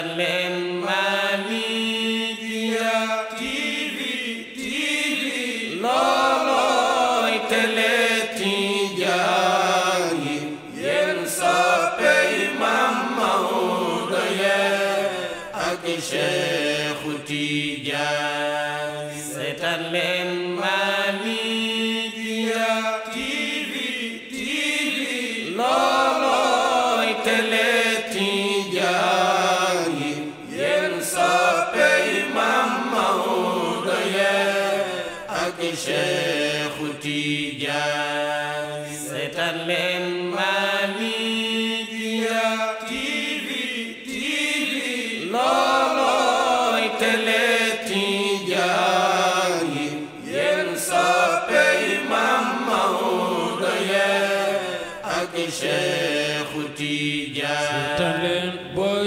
Amen.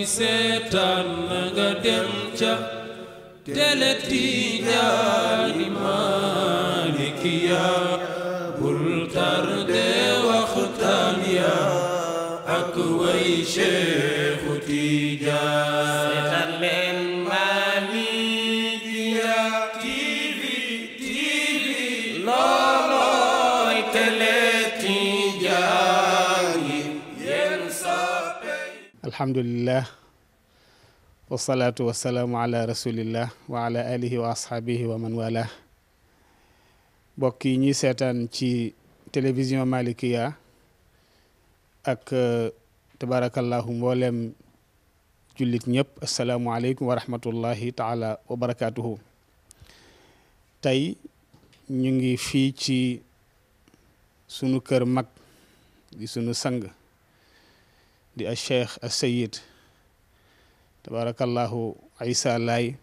koy seetaan na nga dem ca tele Tijaani Maalikiya bul tarde waxtaan ya ak way alhamdulillah wasalaatu wasalaamu ala rasulillah wa ala alihi wa asxaabihi wa man wala mbokk yi ñuy seetaan ci télévision malikiya ak tabarakallahu mboolem jullit ñëpp asalaamualeykum wa rahmatullahi taala wa barakatuhu tey ñu ngi fii ci sunu kër mag di sunu sang دي الشيخ السيد تبارك الله عيسى لاي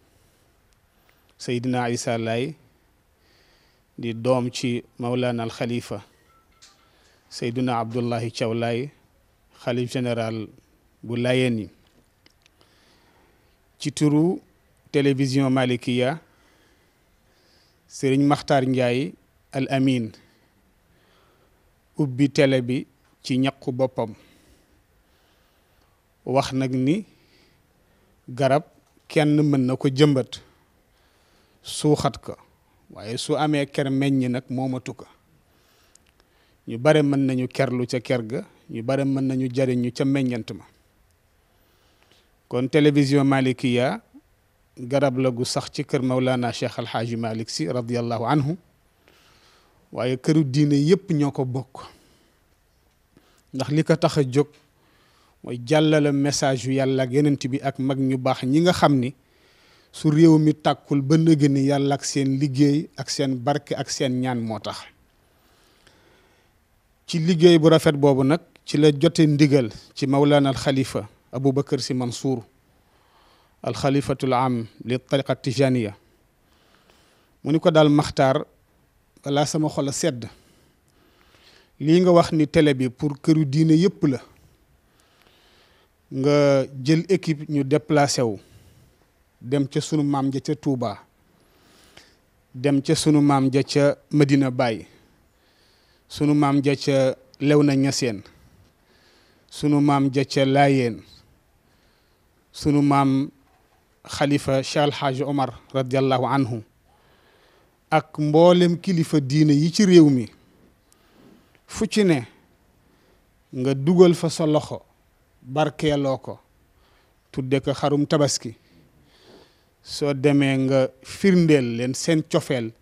سيدنا عيسى لاي دي دوم تي مولانا الخليفة سيدنا عبد الله تشاولاي خليف جنرال بولايني ci turu télévision malikiya sëriñ maxtaar njaay al amin ubbi télé bi ci wax nag ni garab kenn mën na ko jëmbat suuxat ko waaye su amee ker meññ nag moomatu ko ñu bare mën nañu kerlu ca ker ga ñu bare mën nañu jariñu ca meññant ma kon télévision malikiya garab la gu sax ci kër Maulana Cheikh Alxaaji Malik si radiallahu anhu waaye këru diine yépp ñoo ko bokk ndax li ko tax a jóg mooy jàllale message yu yàlla ak yenent bi ak mag ñu baax ñi nga xam ni su réew mi tàkkul ba nëgë ni yàlla ak seen liggéey ak seen barke ak seen ñaan moo tax ci liggéey bu rafet boobu nag ci la jote ndigal ci mawlaana al xalifa aboubacar si mansour al xalifatul am li tariqa tijaniya mu ni ko daal maxtaar laa sama xol a sedd lii nga wax ni tele bi pour këru diine yëpp la nga jël équipe ñu déplacé wu dem ca sunu maam ja ca Touba dem ca sunu maam ja ca madina Baye sunu maam ja ca na Niassène sunu maam ja ca Layeen sunu maam xalifa Cheikh Al Hadj radiallahu anhu ak mboolem kilifa diine yi ci réew mi fu ci ne nga dugal fa sa loxo barkeeloo ko tudde ko xarum tabaski soo demee nga firndeel leen seen cofeel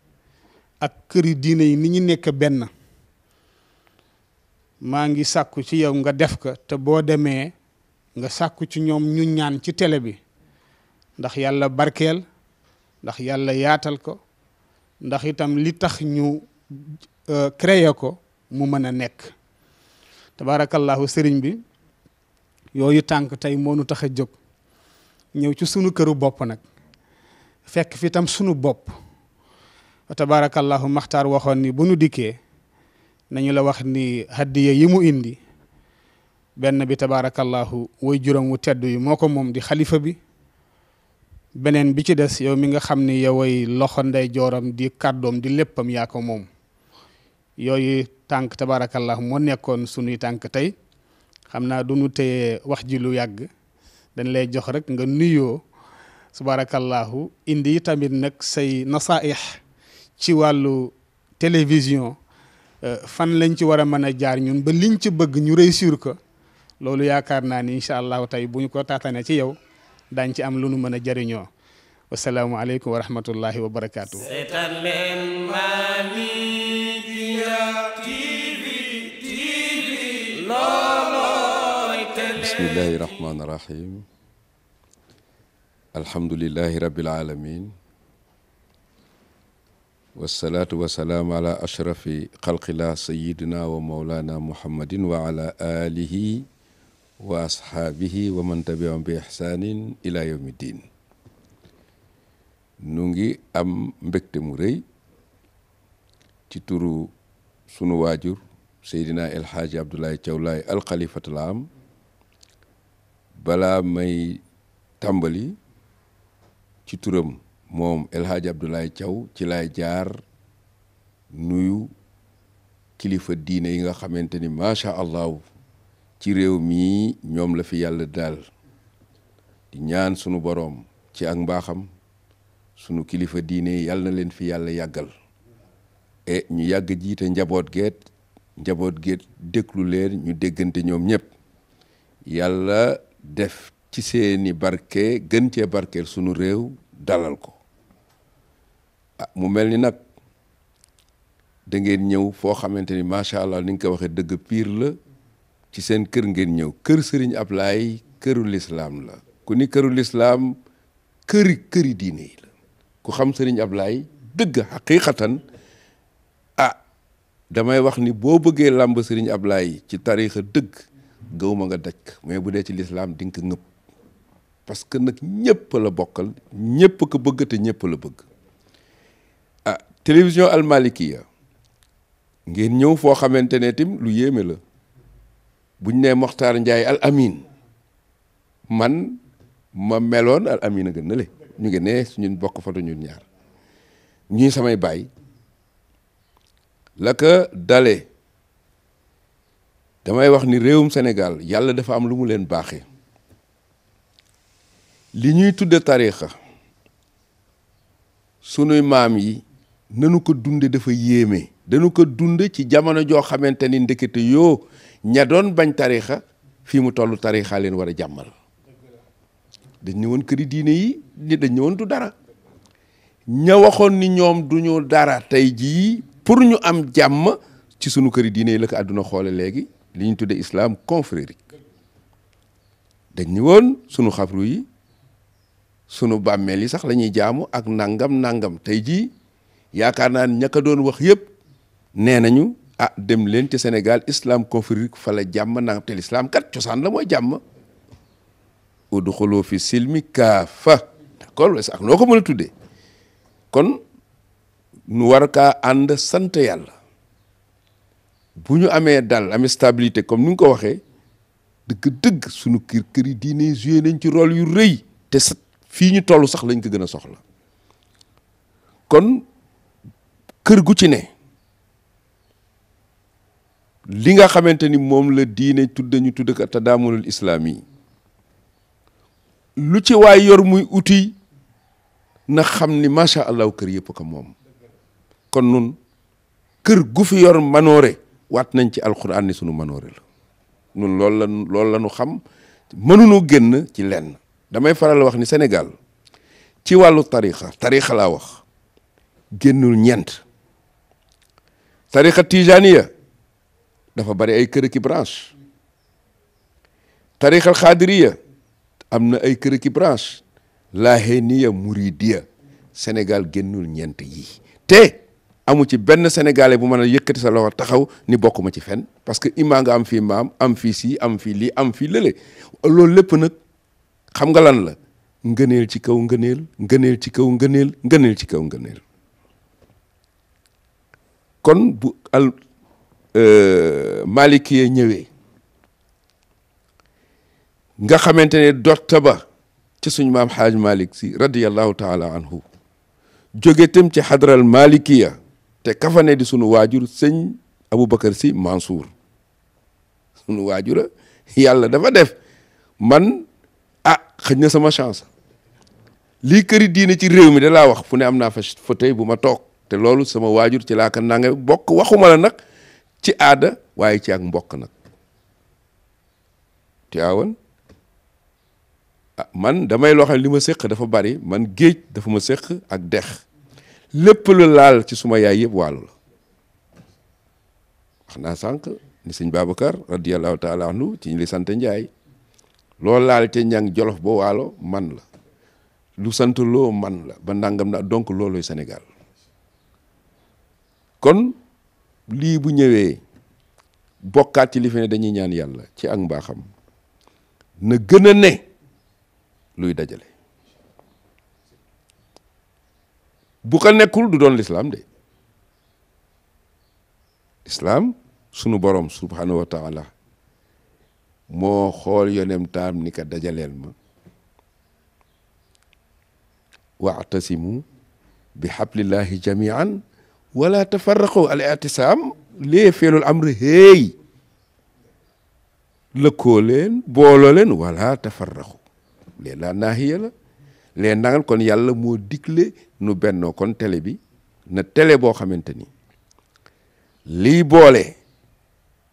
ak këri diine yi ni ñu nekk benn maa ngi sàkku ci yow nga def ko te boo demee nga sàkku ci ñoom ñu ñaan ci tele bi ndax yàlla barkeel ndax yàlla yaatal ko ndax itam li tax ñu euh, créer ko mu mën a nekk tabaarakallahu sëriñ bi yooyu tànk tey moo nu tax a jóg ñëw ci sunu këru bopp nag fekk fi tam sunu bopp tabaarakallahu maxtaar waxoon ni bu nu dikkee nañu la wax ni haddiya yi mu indi benn bi tabaarakallahu way juróom wu teddu yi moo ko moom di xalifa bi beneen bi ci des yow mi nga xam ni yoway loxo ndey jooram di kàddoom di léppam yaa ko moom yooyu tànk tabaarakallahu moo nekkoon sunuy tànk tey xam naa du nu téye wax ji lu yàgg dañ lay jox rek nga nuyoo subaarakallaahu indi tamit nag say nasaa'ix ci wàllu télévision euh, fan lañ ci war a mën a jaar ñun ba liñ ci bëgg ñu réussir ko loolu yaakaar naa ni incha allahu tey bu ñu ko taatane ci yow daañ ci am lu nu mën a jëriñoo wasalaamualeykum wa rahmatullahi wa barakaatu. بسم الله الرحمن الرحيم الحمد لله رب العالمين والصلاة والسلام على أشرف خلق الله سيدنا ومولانا محمد وعلى آله وأصحابه ومن تبعهم بإحسان إلى يوم الدين نونجي أم مبكت مري تترو سنو واجر سيدنا الحاج عبد الله الجولاي الخليفة العام balaa may tàmbali ci turam moom El Hadj Abdoulaye ci lay jaar nuyu kilifa diine yi nga xamante ni macha allah ci réew mii ñoom la fi yàlla daal di ñaan sunu boroom ci ak mbaaxam sunu kilifa diine yàlla na leen fi yàlla yàggal e ñu yàgg jiite njaboot geet njaboot geet déglu leen ñu déggante ñoom ñëpp yàlla def ci seeni barke gën cee barkeel sunu réew dalal ko ah mu mel ni nag da ngeen ñëw foo xamante ni macha allah ni nga ko waxee dëgg piir la ci seen kër ngeen ñëw kër sëriñ Ablaay këru lislaam la ku ni këru lislaam këri këri diine yi la ku xam sëriñ Ablaay dëgg xaqiqatan ah damay wax ni boo bëggee làmb sëriñ Ablaay ci tariixa dëgg gëwma nga daj mais bu dee ci lislaam di nga ko ngëpp parce que nag ñëpp la bokkal ñëpp ko bëgg te ñëpp la bëgg ah télévision almalikiya ngeen ñëw foo xamante ne tim lu yéeme la buñ nee Mokhtar Ndiaye al amin man ma meloon al a gën na le ñu ngi ne suñu bokk foto ñun ñaar ñuy samay baay la ko dale damay wax ni réewum senegal yàlla dafa am lu mu leen baaxe li ñuy tudd tariixa sunuy maam yi nanu ko dunde dafa yéeme dañu ko dunde ci jamono joo xamante ni ndekete yoo ña doon bañ tariixa fii mu toll tariixa leen war a jàmmal dañ ñëwoon yi ni dañ dara ña waxoon ni ñoom du duñu dara tey jii pour ñu am jàmm ci sunu këri diine yi la ko àdduna xoole léegi liñ tudde islam confrérique dañ ni won suñu xabru yi suñu bammel yi sax lañuy jaamu ak nangam nangam tay ji yaakaar naa ñaka doon wax yépp nee nañu ah dem leen ci Sénégal islam confrérique fa la jàmm nangam te l'islam kat cosaan la mooy jàmm udxulu fi silmi kaafa d'accord ak noo ko mën a tuddee kon nu war kaa ànd sant yàlla bu ñu amee dal amee stabilité comme ni nga ko waxee dëgg-dëgg suñu kër kër yi diine joué nañ ci rôle yu rëy te sa fii ñu toll sax lañ ko gën a soxla kon kër gu ci ne li nga xamante ni moom la diine tudd ñu tudd ko tadaamulul islaam yi lu ci waay yor muy uti na xam ni macha allah kër yëpp ko moom kon nun kër gu fi yor manoore waat nañ ci alxuraan ni sunu manoore la ñun loolu la loolu la ñu xam mënuloo génn ci lenn damay faral wax ni Sénégal ci wàllu tarixa tarixa laa wax génnul ñeent tarixa tijaniya dafa bari ay kër ki branche tarixa xaadiriya am na ay kër ki branche laaheniya muridiya Sénégal génnul ñeent yi te amu ci benn sénégalais bu man a yëkkati sa loxo taxaw ni bokkuma ci fen parce que imaa nga am fii maam am fii sii am fii lii am fii lële loolu lépp nag xam nga lan la ngëneel ci kaw ngëneel ngëneel ci kaw ngëneel ngëneel ci kaw ngëneel kon bu al euh, malikiye ñëwee nga xamante ne dotta ba ci suñ maam xaaj malik si radiyallahu taala anhu jóge tam ci xadral malikiya te kafane di sunu waajur sëñ Aboubacar Sy Mansour sunu waajura yàlla dafa def man a ah, xëj na sama chance lii këri diine ci réew mi da laa wax fu ne am naa fa fauteuil bu ma toog te loolu sama waajur ci laa ko nange bokk waxuma la nag ci aada waaye ci ak mbokk nag Tiwaawan ah man damay loxo li ma séq dafa bari man géej dafa ma séq ak dex lépp lu laal ci suma yaay yëpp wàllu la wax naa sànq ni sëñ Babacar radiallahu taala anhu ci li sant njaay loo laal te ñang jolof ba waalo man la lu sant loo man la ba nangam na donc looloy Sénégal kon lii bu ñëwee bokkaat ci li fi dañuy ñaan yàlla ci ak mbaaxam na gën a ne luy dajale bu ko nekkul du doon lislaam de lislaam sunu borom subhanahu wa taala moo xool yonem taam ni ko dajaleel ma wa'tasimu bi hablillahi jamian wala tafarraqu al i'tisam lee feelul amri heey lëkkoo leen booloo leen wala tafarraqu lee laa naahiya la les ndagal kon yalla mo diklé nu benno kon télé bi na télé bo xamante li bolé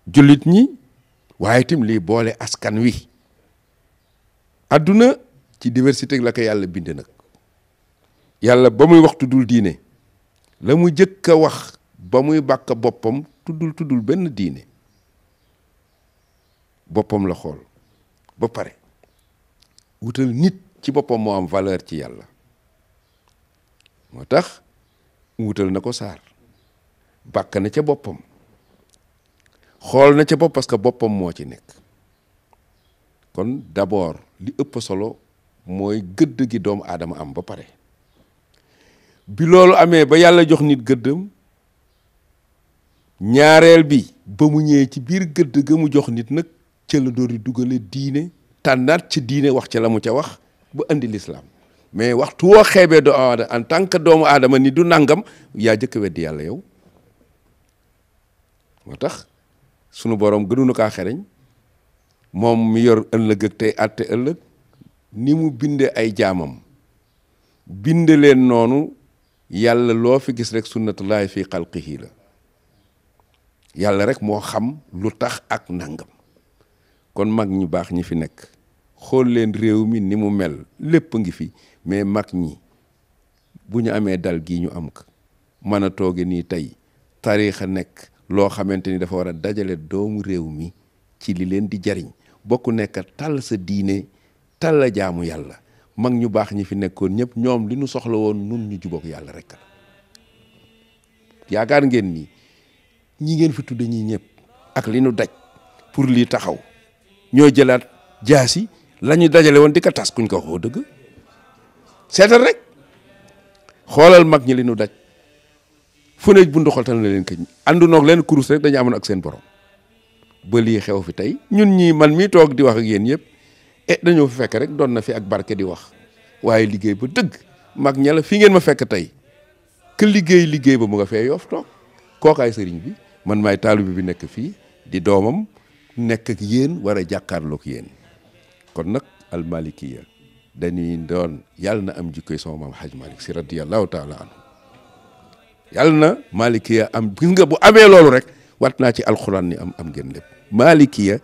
boole ñi waaye tim li bolé askan wi aduna ci diversité la ko yalla bind nak yalla ba muy wax tuddul la mu jëkk wax ba muy bàkk boppam tuddul tuddul ben diiné bopam la xol ba paré wutal nit ci bopam mo am valeur ci yalla motax tax wutal na ko na ci bopom xol na ci bop parce que bopam mo ci nek kon d'abord li ëpp solo moy gëdd gi dom adam am ba pare bi lolou amé ba yalla jox nit gëddam ñaarel bi ba mu ñëw ci biir gëdd ga mu jox nit nak ci la doori dugale diiné tanat ci diiné wax ci la mu wax bu andi l'islam mais waxtu woo xeebee doomu aadama en tant que doomu aadama ni du nangam yaa jëkk weddi yàlla yow moo tax sunu borom gënuñu kaa xereñ moom mi yor ëllëg ak tey àtte ëllëg ni mu bindee ay jaamam binde leen noonu yàlla loo fi gis rek sunnatullahi fi xalqihi la yàlla rek moo xam lu tax ak nangam kon mag ñu baax ñi fi nekk xool leen réew mi ni mu mel lépp ngi fi mais mag ñi bu ñu amee dal gii ñu am ko mën a tooge nii tey a nekk loo xamante ni dafa war a dajale doomu réew mi ci li leen di jariñ bokk nekk tal sa diine tal la jaamu yàlla mag ñu baax ñi fi nekkoon ñëpp ñoom li ñu soxla woon nun ñu jubóog yàlla rek la yaakaar ngeen nii ñi ngeen fi tudde ñi ñëpp ak li ñu daj pour lii taxaw ñoo jëlaat jaasi la dajale woon di ko tas kuñ ko waxoo dëgg seetal rek xoolal mag ñi li nu daj fu nekk bundu xol tan na leen këñ àndu noog leen kurus rek dañu amoon ak seen borom ba lii xew fi tey ñun ñii man mii toog di wax ak yéen yëpp e eh, dañoo fi fekk rek doon na fi ak barke di wax waaye liggéey ba dëgg mag ña la fi ngeen ma fekk tey que liggéey liggéey ba mu nga fee yoof toog kookaay sëriñ bi man maay taalu bi bi nekk fii di doomam nekk ak yéen war a jàkkaarloog yéen kon nak al malikiya dañuy doon yalna na am jikko sama mam xaj malik si radiyallahu taala anhu yalna na malikiya am gis nga bu amé loolu rek wat na ci alquran ni am am gën lepp malikiya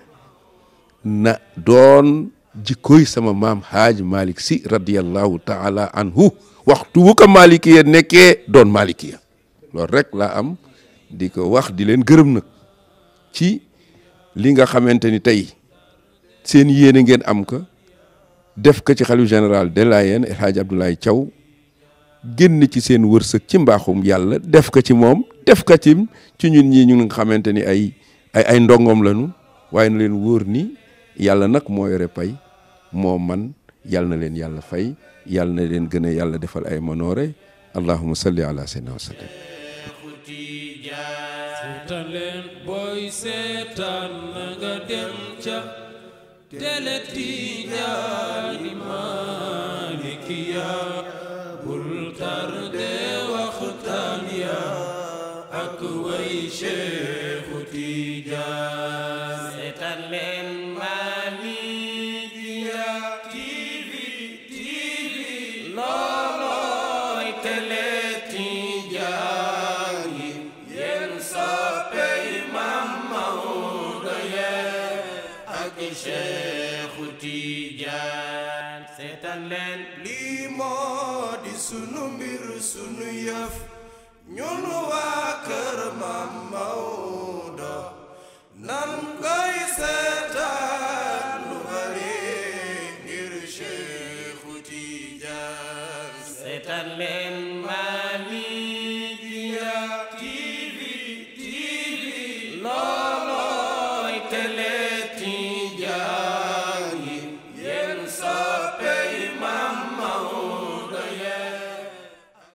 na doon jikko sama mam haaj malik si radiyallahu taala anhu waxtu wu ko malikiya don doon malikiya rek la am di ko wax di len gërem nak ci li nga xamanteni ni seen yéene ngeen am ko def ko ci xalifa général de Layène El Hadj Abdoulaye Thiaw génn ci seen wërsëg ci mbaaxum yàlla def ko ci moom def ko cim ci ñun ñi ñu nga xamante ni ay ay ay ndongoom lañu waaye na leen wóor ni yàlla nag moo yore pay moo man yàlla na leen yàlla fay yàlla na leen gën a yàlla defal ay manoore allahumma salli ala sayyidina wa sallam seetaan booy seetaan na nga dem ca telati jaani maliki ya yëf ñun waa kër Maam Maodo